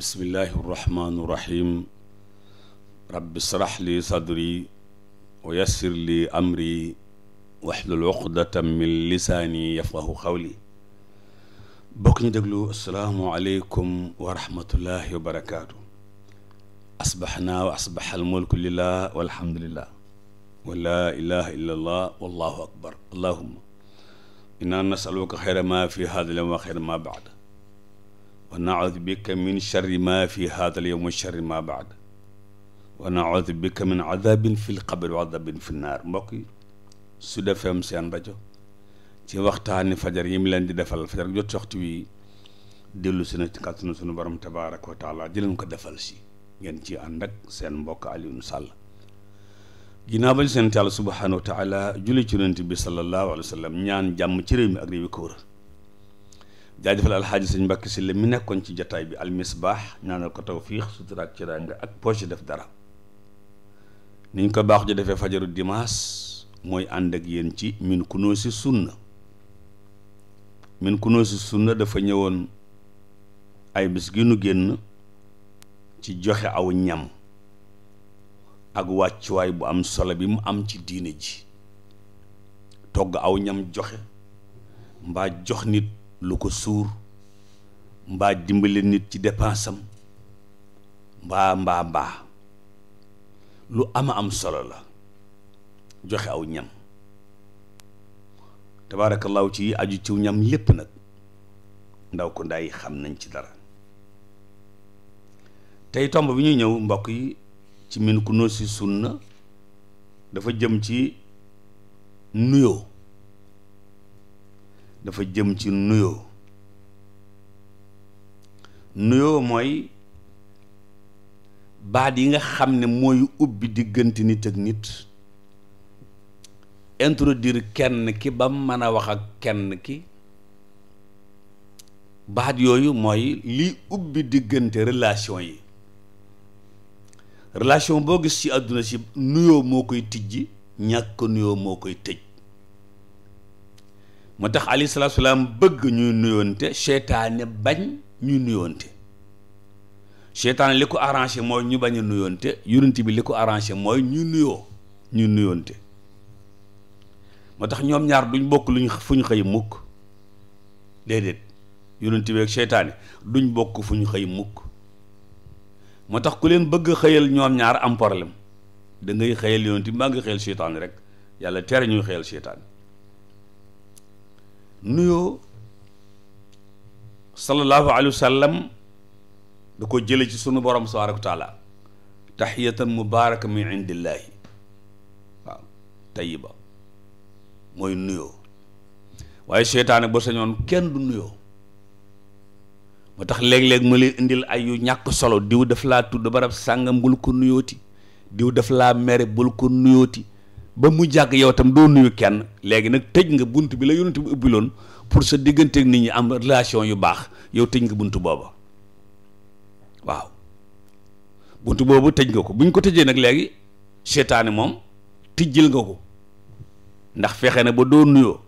bismillahi irrahmaani irrahim rabbi srax li sadri wa yassir li amri waxlul uqdatan min lisaani yafqahu xawli bokk ñu déglu asalaamu aleykum wa rahmatullahi wa barakaatu asbaxnaa wa asbaxa almulku lillah walhamdulillah wa laa ilaha illa allah wallahu akbar allahuma inna nasaluka xeyra ma fi hada lam wa xeyra ma bacda wa naudu bika min charri ma fi haadal yowm wa charri ma baad wa naudu bika min adabin fi lqabri wa adabin fi naar mbokk yi Sud FM seen rajo ci waxtaani fajar yi mu leen di defal fajar jot waxtu wi dellu si na ci kàttanu sunu borom tabaaraka wa taala di leen ko defal si ngeen ci ànd ak seen mbokk Alioune Sall ginnaaw ba ñu sant Yàlla subhaanahu wa taala julli ci yonent bi sallallahu alayhi wa sallam ñaan jàmm ci réew mi ak réew yi ko wër jaajëfal alxaaji sëñ Mbàkke si la mi nekkoon ci jataay bi almisbaax ñaanal ko tawfiix sutura ak ciraanga ak poche def dara niñ ko baax ju defee fajaru dimaas mooy ànd ak yéen ci min kunoo si sunna min kunoo si sunna dafa ñëwoon ay bis gi nu génn ci joxe aw ñam ak wàccuwaay bu am solo bi mu am ci diine ji togg aw ñam joxe mbaa jox nit lu ko suur mbaa dimbali nit ci dépense am mbaa mbaa mbaa lu ama am solo la joxe aw ñam tabaarakallaahu ci aju ciw ñam lépp nag ndaw ko ndaay xam nañ ci dara tey tomb bi ñuy ñëw mbokk yi ci min ku no si sunna dafa jëm ci nuyoo dafa jëm ci nuyoo nuyoo mooy baat yi nga xam ne mooy ubbi diggante nit ak nit introduire kenn ki ba mën a wax ak kenn ki baat yooyu mooy liy ubbi diggante relation yi relation boo gis ci àdduna si nuyoo moo koy tijji ñàkk nuyoo moo koy tëj moo tax alayhi salaatu salaam bëgg ñuy nuyoonte seytaane bañ ñuy nuyoonte seytaane li ko arrangé mooy ñu bañ a nuyoonte yonent bi li ko arrangé mooy ñu nuyoo ñu nuyoonte moo tax ñoom ñaar duñ bokk luñ fu ñu xëy mukk déedéet yonent bi ak seytaane duñ bokk fu ñu xëy mukk moo tax ku leen bëgg xëyal ñoom ñaar am problème da ngay xëyal yonent bi maa ngi xëyal seytaane rek yàlla tere ñuy xëyal seytaane nuyoo sallallahu alayhi wa sallam da ko jële ci sunu borom subhaanahu wa taala taxiyatan mubaaraka min indillaahi waaw tayiba mooy nuyoo waaye seytaane ba sañoon kenn du nuyoo moo tax léeg-léeg ma lay indil ay ñàkk solo diw daf laa tudd barab sàngam bul ko nuyooti diw daf laa mere bul ko nuyooti ba mu jàgg yow tam doo nuyu kenn léegi nag tëj nga bunt bi la yonent bu ubbiloon pour sa diggante ak nit ñi am relation yu baax yow tëj nga bunt booba waaw bunt boobu tëj nga ko buñ ko tëjee nag léegi seetaane moom jël nga ko ndax fexe na ba doo nuyoo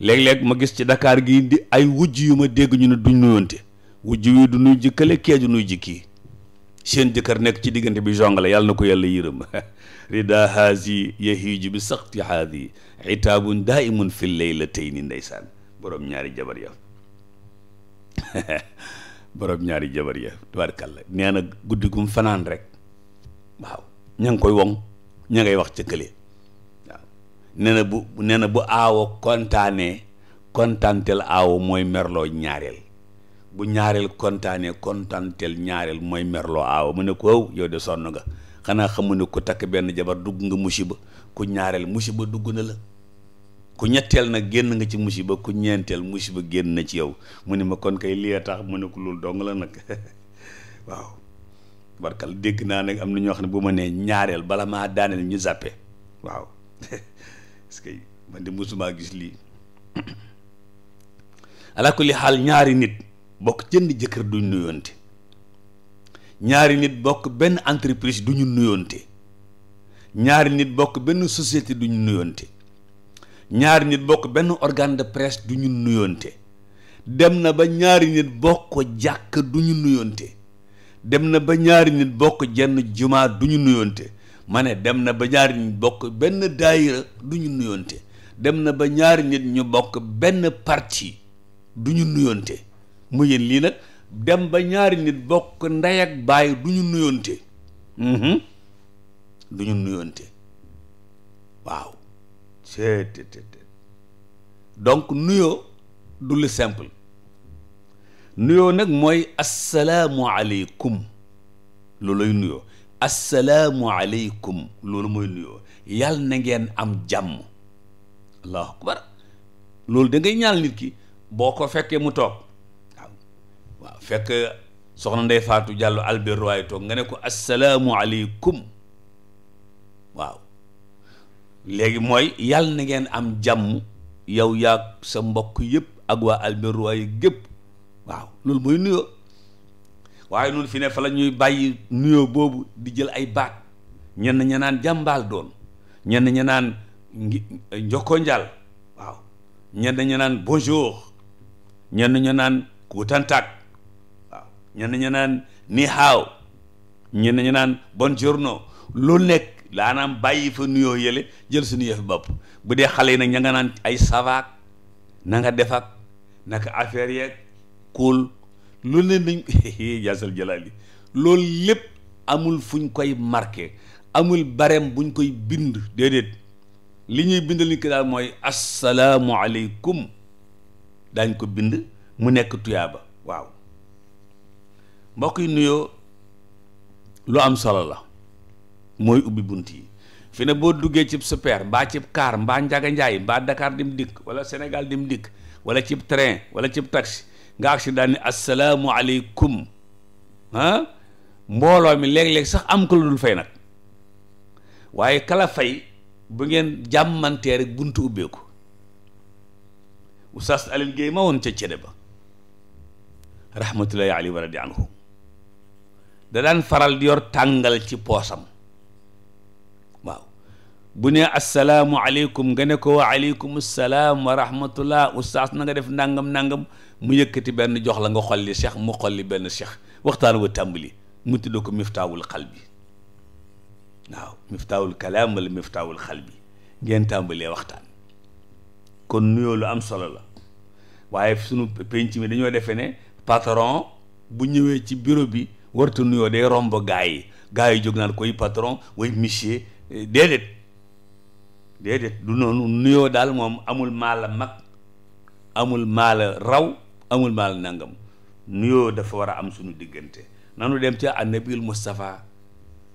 léeg-léeg ma gis ci Dakar gi di ay wujj yu ma dégg ñu ne duñ nuyoonte wujj yu du nuy jikkale kee du nuy jikki seen jëkkër nekk ci diggante bi jongale yàlla na ko yàlla yërëm rida haasi yahiju bi saqti haadi itaabun daimun fi leylatayni ndeysaan boroom ñaari jabar ya borom ñaari jabar ya tubaarkàlla nee na guddi gum fanaan rek waaw ña ngi koy woŋ ña ngay wax ca kële bu nee na bu aawo kontaanee kontaanteel aawo mooy merloo ñaareel bu ñaareel kontaanee kontaanteel ñaareel mooy merloo aawo mu ne ko yow de sonn nga xanaa xamu ne ku takk benn jabar dugg nga musiba ku ñaareel musiba dugg na la ku ñetteel nag génn nga ci musiba ku ñeenteel musiba génn na ci yow mu ne ma kon kay lii tax mu ne ko loolu dong la nag waaw barkal dégg naa ne am na ñoo xam ne bu ma nee ñaareel bala maa daaneel ñu zappe waaw parce que man de mosumaa gis lii alaa kulli xaal ñaari nit bokk jënd jëkkër duñ nuyonte ñaari nit bokk benn entreprise du ñu nuyoonte ñaari nit bokk benn société du ñu nuyoonte ñaari nit bokk benn organe de presse du ñu nuyoonte dem na ba ñaari nit bokk jàkk du ñu nuyoonte dem na ba ñaari nit bokk jenn jumaa du ñu nuyoonte ma ne dem na ba ñaari bokk benn daayira du ñu nuyoonte dem na ba ñaari nit ñu bokk benn parti du ñu nuyoonte mu yéen lii nag dem ba ñaari nit bokk ndey ak baay du ñu nuyonte mm-hmm. du ñu nuyoonte waaw seetetet donc nuyoo du lu simple nuyoo nag mooy asalaamualeykum looloy nuyoo asalaamualeykum loolu mooy nuyoo yal na ngeen am jàmm allahu akbar loolu da ñaal nit ki boo ko fekkee mu toog waaw fekk soxna Ndey Faatu Jàllo Albert Roy nga ne ko asalaamualeykum waaw léegi mooy yàlla na ngeen am jàmm yow yaa sa mbokk yépp ak waa Albert Roy gépp waaw loolu mooy nuyoo waaye ñun fi ne fa la bàyyi nuyoo boobu di jël ay baat ñenn ña naan jàmbaal doon ñenn ña naan njokko njal waaw ñenn ña naan bonjour ñenn ña naan ñenn ñu naan ni haaw ñenn ñu naan buongiorno lu nekk laanaam bàyyi fa nuyoo yële jël suñu yëf bopp bu dee xale yi nag ña nga naan ay savaak na nga def ak naka yeeg kuul loolu ne nañ jaasal jalaali loolu lépp amul fuñ koy marqué amul barem buñ koy bind déedéet li ñuy bind li ko daal mooy asalaamualeykum daañ ko bind mu nekk tuyaaba waaw mbokk yi nuyoo lu am solo la mooy ubbi bunt yi fi ne boo duggee cib super mbaa cib car mbaa njaga njaay mbaa Dakar dim dikk wala Sénégal dim dikk wala cib train wala cib taxi nga accident ni asalaamualeykum ah mbooloo mi léeg-léeg sax am ko lu dul fay nag waaye kala fay bu ngeen jàmmantee rek buntu ubbeeku Oustaz Alioune Guèye ma woon ca cede ba rahmatullahi alayhi wa radi anhu da daan faral di yor tàngal ci poosam waaw bu ne assalaamu aleykum nga ne ko wa aleykum salaam wa rahmatullah ustaas na nga def nangam nangam mu yëkkati benn jox la nga xolli cheikh mu xolli benn cheikh waxtaan wa tàmbali mu tudd ko miftaawul xal bi waaw miftaawul kalaam wala miftaawul xal bi ngeen tàmbalee waxtaan kon nuyoo lu am solo la waaye sunu penc mi dañoo defe ne patron bu ñëwee ci bureau bi wartu nuyoo day romb gaa yi gaa yi jóg naan koy patron way monsieur eh, déedéet déedéet du noonu nuyoo daal moom amul maala mag amul maala raw amul maala nangam nuyoo dafa war a am suñu diggante nanu dem ca annabil Moustapha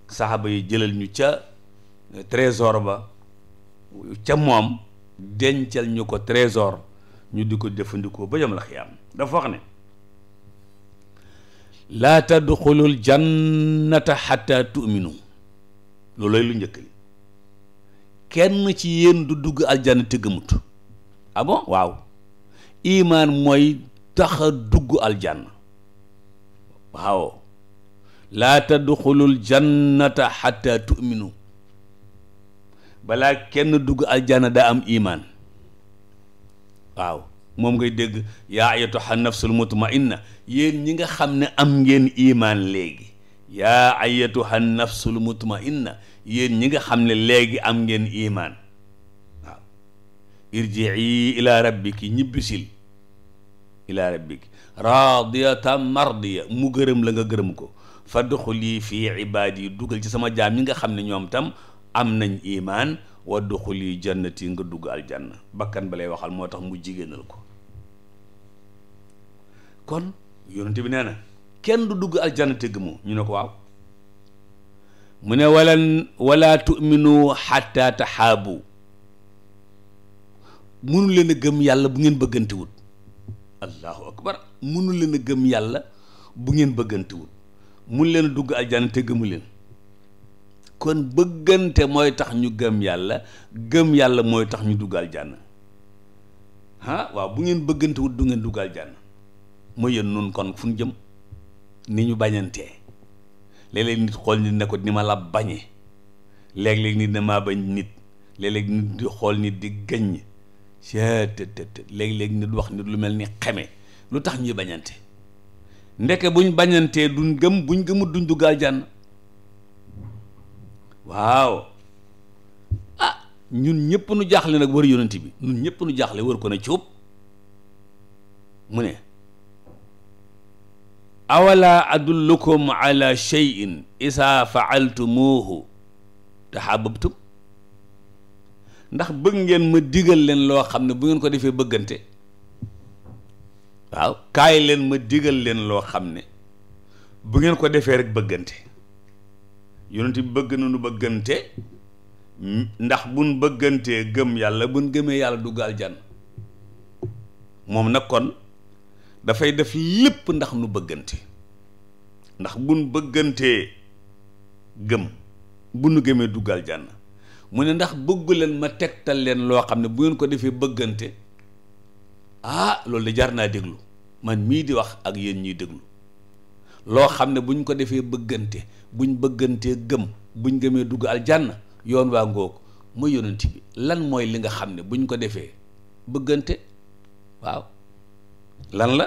saxaaba yi jëlal ñu ca eh, trésor ba ca moom dencal ñu ko trésor ñu di ko jëfandikoo ba jëm la xiyaam dafa wax ne laa tadxulul jannata xatta tu'minu loolooy lu njëkk li kenn ci yéen du dugg aljanna te gëmut ah waaw imaan mooy tax dugg aljanna waaw laa tadxulul jannata xatta tu'minu balaa kenn dugg aljanna daa am imaan waaw moom ngay dégg yaa ayatuha nafsul mutmainna yéen ñi nga xam ne am ngeen imaan léegi yaa ayatuha nafsul mutmainna yéen ñi nga xam ne léegi am ngeen imaan waaw irjii ila rabbiki ñibbisil ila rabbiki mardiya mu gërëm la nga gërëm ko fa fadxuli fi ibaad yi dugal ci sama jaam ñi nga xam ne ñoom tam am nañ imaan wa duxuli jannati nga dugg aljanna bakkan ba lay waxal moo tax mu jigéenal ko kon yonent bi nee na kenn du dugg aljanna te gëmoo ñu ne ko waaw mu ne walan wala tuminu xatta taxaabu munu leen gëm yàlla bu ngeen bëggantewut allahu akbar munu leen gëm yàlla bu ngeen bëggantewut mun leen dugg aljanna te gëmu leen kon bëggante mooy tax ñu gëm yàlla gëm yàlla mooy tax ñu dugg aljanna ah waaw bu ngeen bëggantewut du ngeen dugg aljanna mu yën nun kon fu ñu jëm ni ñu bañantee léeg-léeg nit xool nit ne ko ni ma la bañe léeg-léeg nit ne maa bañ nit léeg-léeg nit di xool nit di gaññ te te te léeg-léeg nit wax nit lu mel ni xeme lu tax ñi bañante ndekk buñ bañantee duñ gëm buñ gëmut duñ dugg àjjana waaw ah ñun ñëpp nu jaaxle nag wër yonent bi ñun ñëpp nu jaaxle wër ko ne cuub mu ne awala adullukum ala cheyin isaa faaltumuuhu taxaababtum ndax bëgg ngeen ma digal leen loo xam ne bu ngeen ko defee bëggante waaw kaay leen ma digal leen loo xam ne bu ngeen ko defee rek bëggante yonent bi bëgg na nu bëggante ndax buñ bëggantee gëm yàlla buñ gëmee yàlla dugg aljanna moom nag kon dafay def lépp ndax nu bëggante ndax buñ bëggantee gëm bu nu gëmee duggal jànn mu ne ndax bëggu ma tegtal leen loo xam ne bu ngeen ko defee bëggante ah loolu de jar naa déglu man mii di wax ak yéen ñuy déglu loo xam ne buñ ko defee bëggante buñ bëggantee gëm buñ gëmee dugg aljanna yoon waa ngoog mooy yonent bi lan mooy li nga xam ne buñ ko defee bëggante waaw lan la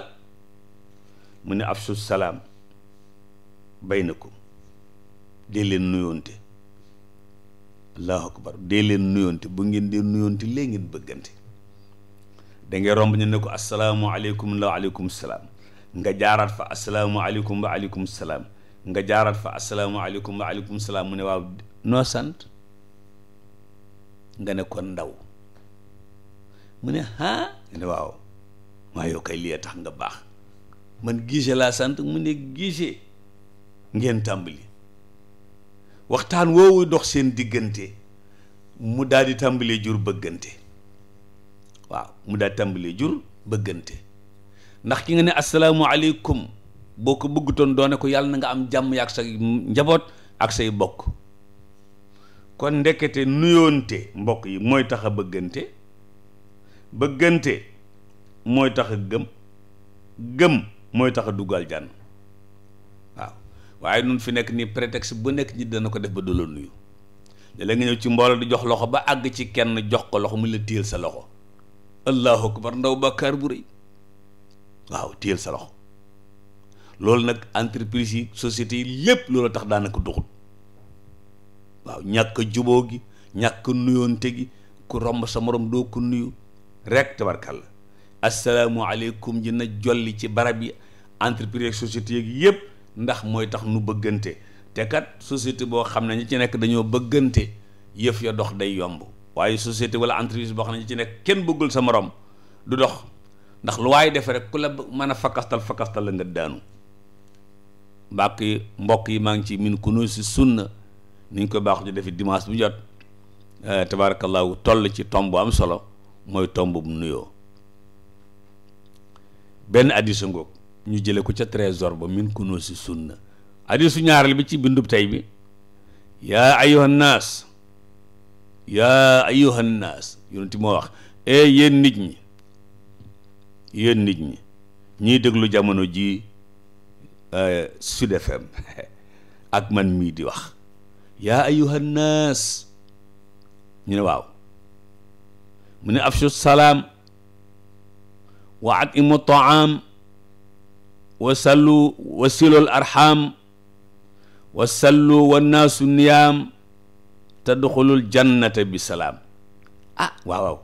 mu ne afsu salaam bay na ko dee leen nuyoonte allahu akbar dee leen nuyoonte bu ngeen dee nuyoonte lee ngeen bëggante dangay romb ñu ne ko asalaamualeykum wa aleykum salaam nga jaaraat fa asalaamualeykum aleykum salaam nga jaaraat fa asalaamualeykum wa aleykum salaam mu ne waaw noo sant nga ne ko ndaw mu ne haa ne waaw waaye yow kay lii tax nga baax man giise laa sant mu ne Guissé ngeen tàmbali waxtaan woowu dox seen diggante mu daal di tàmbalee jur bëggante waaw mu daal di jur bëggante ndax ki nga ne asalaamualeykum boo ko bëggutoon doone ko yàlla na nga am jàmm yaak say njaboot ak say bokk kon ndekete nuyoonte mbokk yi mooy tax a bëggante bëggante mooy tax a gëm gëm mooy tax a dugg aljanna waaw waaye noonu fi nekk nii prétexte bu nekk ñi dana ko def ba du la nuyu léeg nga ñëw ci mbooloo di jox loxo ba àgg ci kenn jox ko loxo mu la téyel sa loxo allahu akbar ndaw bàkkaar bu rëy waaw téyel sa loxo loolu nag entreprise yi société yi lépp loolu tax daanaka duxul waaw ñàkk jubo gi ñàkk nuyoonte gi ku romb sa moroom doo ko nuyu rek tabarkàlla asalaamualeykum ji na jolli ci barab yi entreprise ak société yeeg yëpp ndax mooy tax nu bëggante te kat société boo xam ne ñi ci nekk dañoo bëggante yëf ya dox day yomb waaye société wala entreprise boo xam ne ñi ci nekk kenn bëggul sa morom du dox ndax lu waaye defe rek ku la mën a fakastal fakastal la nga daanu mbàkk mbokk yi maa ngi ci min ku nuy si sunna ni ñu ko baax ju defi dimanche bu jot eh, tabaarakallahu toll ci tomb am solo mooy tomb bu nuyoo benn hadisu ngoog ñu jële ko ca trésor ba min kunoo si sunna hadisu ñaareel bi ci bindub tey bi yaa ayyuhan naas yaa ayyuhan naas yonent moo wax ee yéen nit ñi yéen nit ñi ñiy déglu jamono ji euh, Sud FM ak man mii di wax yaa ayyuhan naas ñu ne waaw mu ne afshu salaam wa atimu taam wa sallu wa silul arxam wa sallu wa naasu niyaam tadxulul jannata bi salaam ah waaw waaw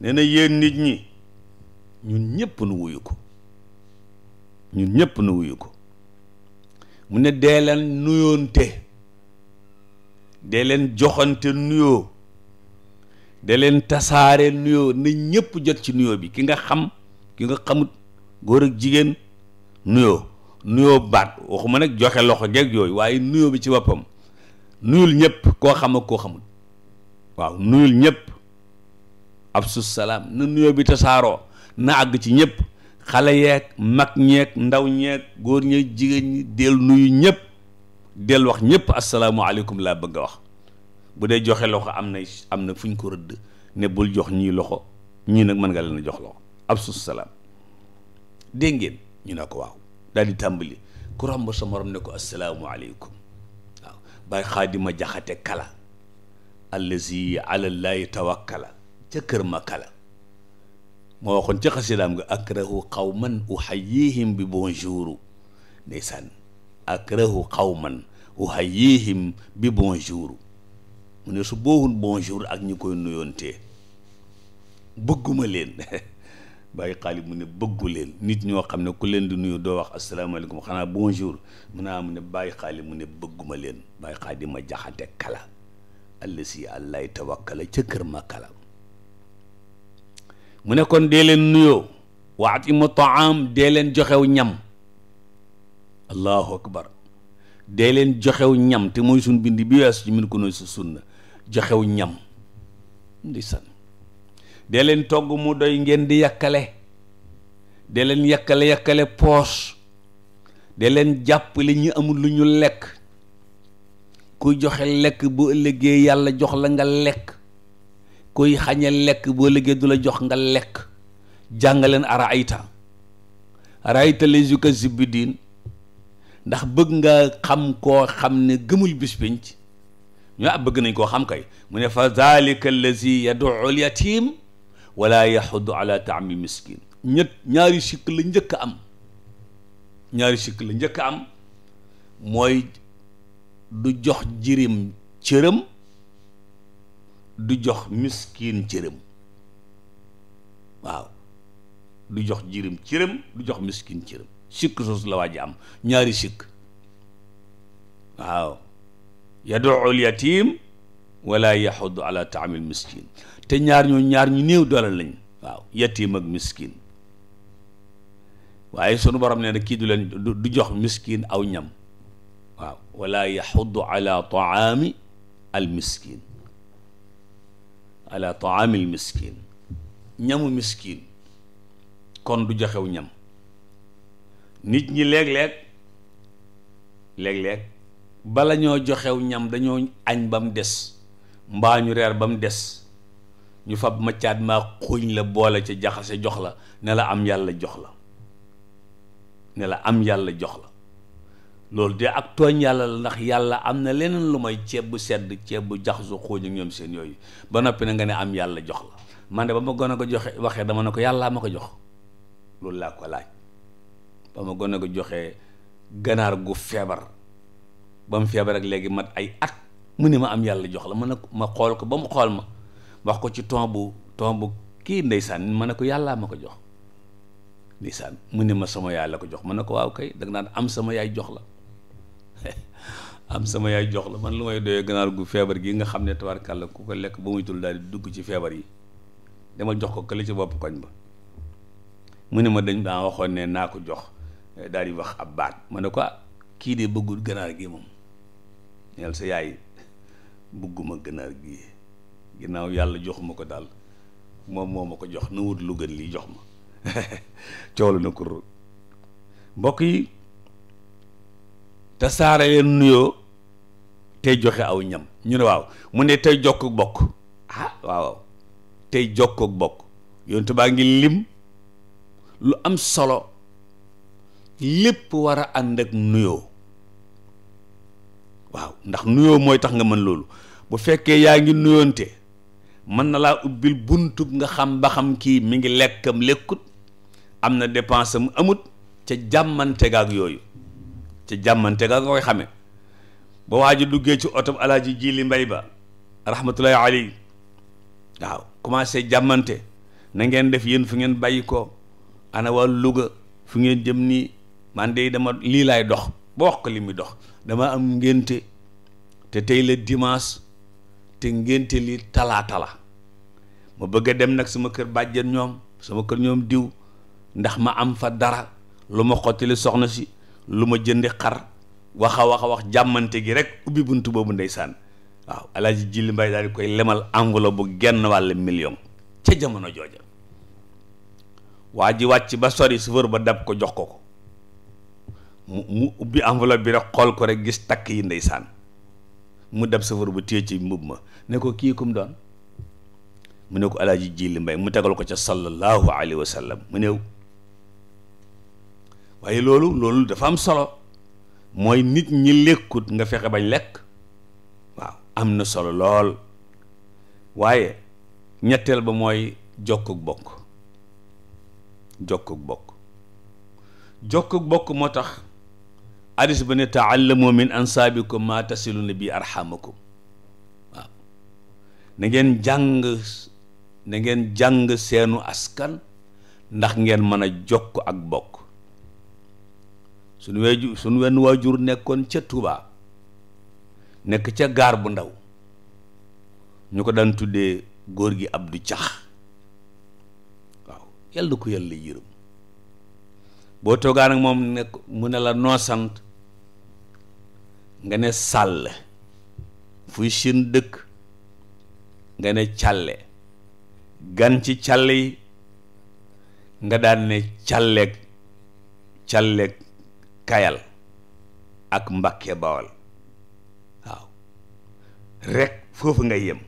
nee nit ñi ñun ñëpp nu wuyu ko ñun ñëpp nu wuyu mu ne dee leen nuyoonte dee leen joxante nuyoo de leen tasaare nuyoo na ñëpp jot ci nuyoo bi ki nga xam ki nga xamut góor ak jigéen nuyoo nuyoo baat waxuma nag joxe loxo geeg yooyu waaye nuyoo bi ci boppam nuyul ñëpp koo xam ak koo xamut waaw nuyul ñëpp ab su salaam na nuyoo bi tasaaroo na àgg ci ñëpp xale yeeg mag ñeeg ndaw ñeeg góor ñeeg jigéen ñi del nuyu ñëpp del wax ñëpp asalaamualeykum laa bëgg a wax bu dee joxe loxo am na am na fu ñu ko rëdd ne bul jox ñii loxo ñii nag mën nga leen a jox loxo ab suuf salaam dégg ñu ne ko waaw daal di tàmbali ku romb sa morom ne ko asalaamualeykum waaw bàyyi xaadima jaxate kala allazi alallahi tawakkala ca kër ma kala moo waxoon ca xasidaam nga akrahu qawman uhayyihim bi bonjour mu ne su boowul bonjour ak ñu koy nuyoon nuyoontee bëgguma leen bàyyi xaalis mu ne bëggu leen nit ñoo xam ne ku leen di nuyoo doo wax asalaamaaleykum xanaa bonjour mun naa am ah, ne bàyyi xaalis mu ne bëgguma leen bàyyi xaalis ma jaxante kala àll si àllaay tawakkala ca kër ma kala mu ne kon dee leen nuyoo waat imu taam dee leen joxew ñam allahu akbar dee leen joxew ñam te mooy suñ bind bi weesu ci mun ko nooy su sunna joxew ñam de leen togg mu doy ngeen di yàkkale dee leen yakkale yàkkale poos de leen jàpp li ñu amul lu ñu lekk kuy joxe lekk bu ëllëgee yàlla jox la nga lekk kuy xañe lekk bu ëllëgee du la jox nga lekk jàngaleen araayta araayta les yuka zibbi diin ndax bëgg nga xam koo xam ne gëmul bis ñu ah bëgg nañ koo xam kay mu ne fa zalika allazi yad'u yatim wala yaxuddu ala taami miskin ñaari sikk la njëkk am ñaari sikk la njëkk am mooy du jox jirim cëram du jox miskin cëram waaw du jox jirim cëram du jox miskin cëram sikk soosu la waa ji am ñaari sikk aw yadul yatim wala yaxudu ala taamil miskin te ñaar ñoo ñaar ñu néew doole lañ waaw yatim ak miskin waaye sunu borom na kii du leen du jox miskin aw ñam waaw wala yaxudu ala taami al miskin ala taami al miskin ñamu kon du joxew ñam nit ñi léeg-léeg léeg bala ñoo joxew ñam dañoo añ ba mu des mbaa ñu reer ba mu des ñu fab maccaat maa xuuñ la boole ca jaxase jox la ne la am yàlla jox la ne la am yàlla jox la loolu de ak tooñ yàlla la ndax yàlla am na leneen lu may ceeb bu sedd ceeb bu jaxasu xuuñ ak ñoom seen yooyu ba noppi na nga ne am yàlla jox la man de ba ma gën a ko joxe waxee dama ne ko yàllaa ma ko jox loolu laa ko laaj ba ma gën a ko joxee ganaar gu feebar ba mu feebar ak léegi mat ay at mu ne ma am yàlla jox la ma ne ma xool ko ba mu xool ma wax ko ci ton bu ton bu kii ndeysaan ma ne ko yàllaa ma ko jox ndeysaan mu ne ma sama yàlla la ko jox ma ne ko waaw da naan am sama yaay jox la am sama yaay jox la man lu may doyee ganaar gu feebar gi nga xam ne tabarkàlla ku ko lekk ba muy tul daal di dugg ci feebar yi dama jox ko kële ci bopp koñ ba mu ne ma dañ daa waxoon ne naa ko jox eh, daal di wax ab baat ma ne ko ah, kii de bëggul ganaar gi moom ñeel sa yaay bugguma ganaar gi ginnaaw yàlla joxuma ko daal moom moo ma ko jox na wut lu gën lii jox ma coow na mbokk yi tasaare leen nuyoo tey joxe aw ñam ñu ne waaw mu ne tey jokk bokk ah waaw tey jokk bokk yontu baa ngi lim lu am solo lépp war a ànd ak nuyoo waaw ndax nuyoo mooy tax nga mën loolu bu fekkee yaa ngi nuyoonte mën na laa ubbil buntub nga xam ba xam kii mi ngi lekkam lekkut am na dépense am amut ca jàmmante gaak yooyu ca jàmmante gaak nga koy xamee ba waa ji duggee ci oto jii li mbay ba rahmatullahi aley waaw commencé jàmmante na ngeen def yéen fu ngeen bàyyi ko ana waa Louga fu ngeen jëm nii man de dama lii laay dox ba wax ko li muy dox dama am ngénte te tey la dimanche te ngénte li talaata la ma bëgg a dem nag sama kër bàjjan ñoom suma kër ñoom diw ndax ma am fa dara lu ma xottali soxna si lu ma jëndi xar wax wax wax jàmmante gi rek ubbi bunt boobu ndeysaan waaw alaaji jilli mbay daal di koy lemal enveloppe bu genn wàll million ca jamono jooja waa ji wàcc ba sori chauffeur ba dab ko jox ko ko mu ubbi enveloppe bi rek xool ko rek gis takk yi ndeysaan mu dab safar bu téye ci mbubb ma ne ko kii kum doon mu ne ko alaaji jili mbay mu tegal ko ca sallallahu alayhi wa sallam mu néew waaye loolu loolu dafa am solo mooy nit ñi lekkut nga fexe bañ lekk waaw am na solo lool waaye ñetteel ba mooy jokkuk bokk jokkuk bokk jokkuk bokk moo tax hadis ba ne taallamu min ansaabikum maa tasiluna bi arxamakum waaw ko ngeen jàng ngeen jàng seenu askan ndax ngeen mën a jokk ak bokk suñu weju suñu wenn waajur nekkoon ca Tuubaa nekk ca gaar bu ndaw ñu ko daan tuddee góor gi ab du Cax waaw yàlla ko yàlla yërëm boo toogaan moom nekk mu ne la noo sant nga ne sàll fuy Chine dëkk nga ne càlle gan ci càlle yi nga daan ne càlleeg càlleeg kayal ak mbakke Bawal waaw rek foofu nga yem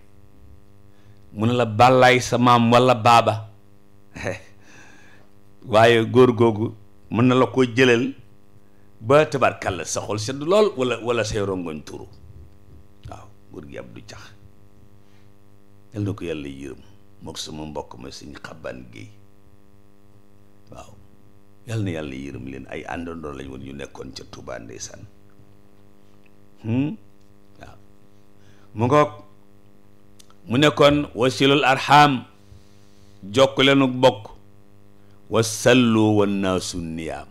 mu ne la bàllaay sa maam walla baaba waaye góor googu mën na la ko jëlal ba tabarkàlla sa xol sedd lool wala wala say rongoñ turu waaw buur gi Abdou Cax yal na ko yàlla yërëm mook sama mbokk ma sëñ xaban géey waaw yal na yàlla yërëm leen ay àndandoo lañ woon nekkoon ca Touba ndeysaan hmm? mu ngoog mu nekkoon wasilul arham jokk leenu bokk wasallu wannaasu niyaam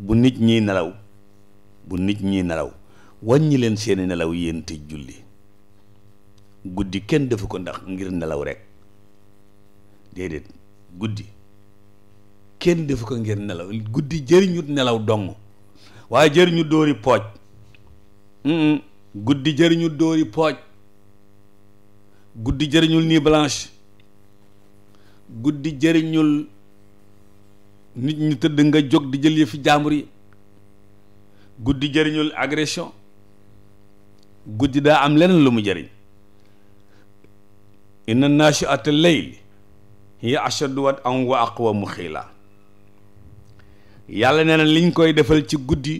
bu nit ñiy nelaw bu nit ñiy nelaw wàññi leen seeni nelaw yéen te julli guddi kenn defu ko ndax ngir nelaw rek déedéet guddi kenn defu ko ngir nelaw guddi jëriñut nelaw dong waaye jëriñu dóori pooj guddi jëriñu dóori pooj guddi jëriñul nii blanche guddi jëriñul nit ñi tëdd nga jóg di jël yëfi jaambur yi guddi jëriñul agression guddi daa am leneen lu mu jariñ jëriñ inna naashi'ata leyl hiya ashaddu wat'an wa aqwamu qiila yàlla nee na liñ koy defal ci guddi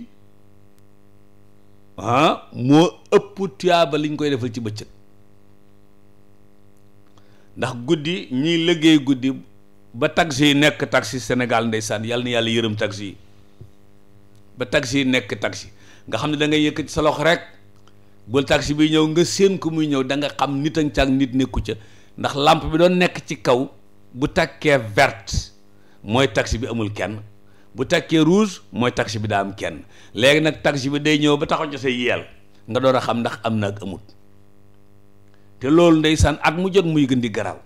ah moo ëpp tuyaaba liñ koy defal ci bëccëg ndax guddi ñuy liggéey guddi ba taxi yi nekk taxi Sénégal ndeysaan yàlla na yàlla yërëm taxi yi ba taxi yi nekk taxi nga xam ne da ngay yëkkati sa loxo rek bu taxi bi ñëw nga séen ko muy ñëw danga xam nit ak caag nit nekku ca ndax làmp bi doon nekk ci kaw bu takkee verte mooy taxi bi amul kenn bu takkee ruus mooy taxi bi daa am kenn léegi nag taxi bi day ñëw ba taxaw ci sa yeel nga door a xam ndax am na ak amut te loolu ndeysaan at mu jot muy gën di garaaw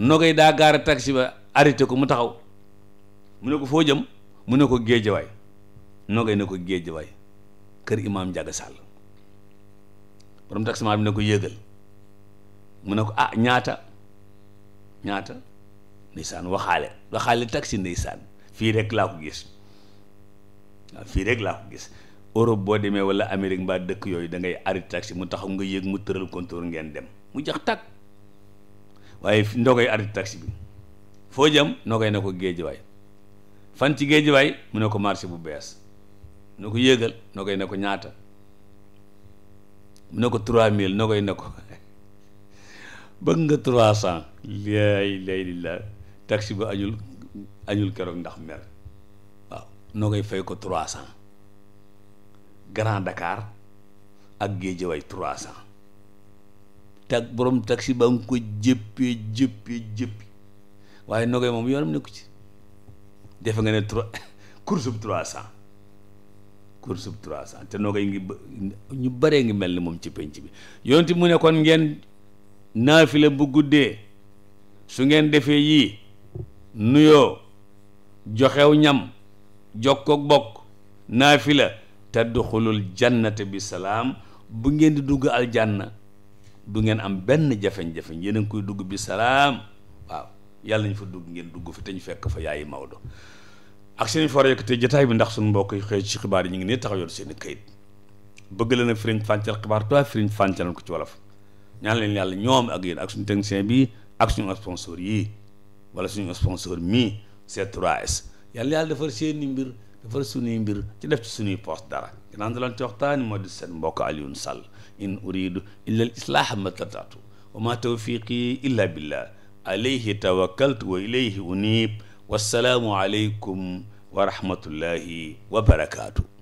yi daa gaara taxi ba arrêté ko mu taxaw mu ne ko foo jëm mu ne ko géejawaay nogay ne ko waay kër imaam Njaga Sàll borom taximaan mu ne ko yëgal mu ne ko ah ñaata ñaata ndeysaan waxaale waxaale taxi ndeysaan fii rek laa ko gis waaw ah, fii rek laa ko gis Europe boo demee wala Amérique mbaa dëkk yooyu da ngay arrêté taxi mu taxaw nga yëg mu tëral contour ngeen dem mu jax tàkk waaye ndogoy arrêté taxi bi foo jëm ndogoy ne ko géejawaay fan ci géejawaay mu ne ko marché bu bees ne ko yéegal ndogoy ne ko ñaata mu ne ko trois mille ndogoy ne ko bëgg nga trois cent laay lay lilaa taxi bi añul añul keroog ndax mer waaw ndogoy fay ko trois cent Grand Dakar ak géejawaay trois cent tag borom taxi ba nga ko jëppee jëppee jëppi waaye nogay moom yoonam nekku ci defe nga ne trois course bu trois cent course bu trois te nogay ngi ñu baree ngi mel ni moom ci penc bi yonti mu ne kon ngeen naafila bu guddee su ngeen defee yii nuyoo joxew ñam jokkook bokk naafila tadxulul jannata bi salaam bu ngeen di dugg aljanna du ngeen am benn jafeñ-jafeñ yéen a koy dugg bi salaam waaw yàlla ñu fa dugg ngeen dugg fi te ñu fekk fa yaayi Maodo ak seen for yëkk jotaay bi ndax suñu mbokk yi xëy ci xibaar yi ñu ngi ne taxaw yor seen i kayit bëgg leen a firiñ fàncal xibaar toi firiñ fàncal ko ci wolof ñaan leen yàlla ñoom ak yéen ak suñu technicien bi ak suñu sponsor yii wala suñu sponsor mii C3S yàlla yàlla defar seen i mbir defar suñuy mbir ci def ci suñuy poste dara gannaaw da leen ci waxtaan moo di seen mbokk Alioune Sall in uridu illa al islaaha mastatatu wa ma tawfiqi illa billah alayhi tawakkaltu wa ilayhi unib wassalaamu aleykum wa rahmatullahi wa barakaatu